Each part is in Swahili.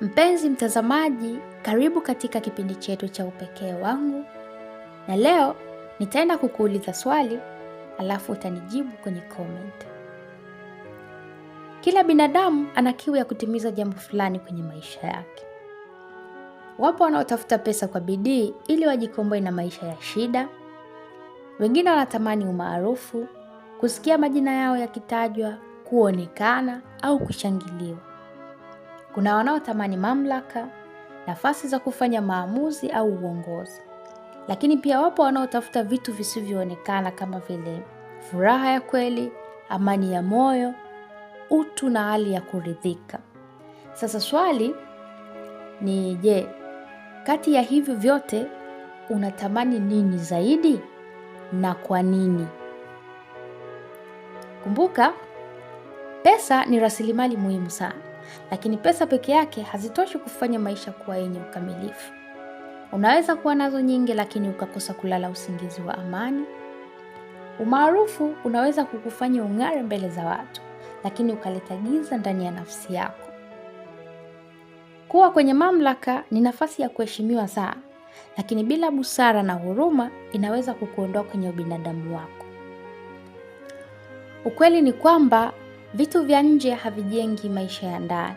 Mpenzi mtazamaji, karibu katika kipindi chetu cha Upekee wangu, na leo nitaenda kukuuliza swali alafu utanijibu kwenye comment. Kila binadamu ana kiu ya kutimiza jambo fulani kwenye maisha yake. Wapo wanaotafuta pesa kwa bidii ili wajikomboe na maisha ya shida, wengine wanatamani umaarufu, kusikia majina yao yakitajwa, kuonekana au kushangiliwa kuna wanaotamani mamlaka, nafasi za kufanya maamuzi au uongozi, lakini pia wapo wanaotafuta vitu visivyoonekana kama vile furaha ya kweli, amani ya moyo, utu na hali ya kuridhika. Sasa swali ni je, kati ya hivyo vyote unatamani nini zaidi na kwa nini? Kumbuka, pesa ni rasilimali muhimu sana lakini pesa peke yake hazitoshi kufanya maisha kuwa yenye ukamilifu. Unaweza kuwa nazo nyingi, lakini ukakosa kulala usingizi wa amani. Umaarufu unaweza kukufanya ung'are mbele za watu, lakini ukaleta giza ndani ya nafsi yako. Kuwa kwenye mamlaka ni nafasi ya kuheshimiwa sana, lakini bila busara na huruma inaweza kukuondoa kwenye ubinadamu wako. Ukweli ni kwamba Vitu vya nje havijengi maisha ya ndani.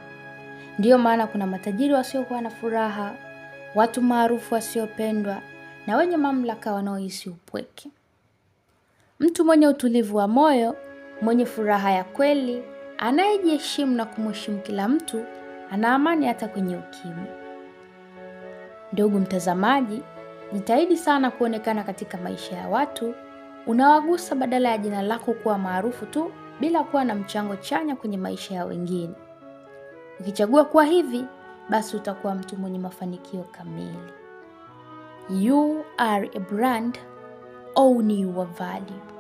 Ndiyo maana kuna matajiri wasiokuwa na furaha, watu maarufu wasiopendwa, na wenye mamlaka wanaohisi upweke. Mtu mwenye utulivu wa moyo, mwenye furaha ya kweli, anayejiheshimu na kumheshimu kila mtu, ana amani hata kwenye ukimya. Ndugu mtazamaji, jitahidi sana kuonekana katika maisha ya watu, unawagusa badala ya jina lako kuwa maarufu tu bila kuwa na mchango chanya kwenye maisha ya wengine. Ukichagua kuwa hivi, basi utakuwa mtu mwenye mafanikio kamili. You are a brand, own your value.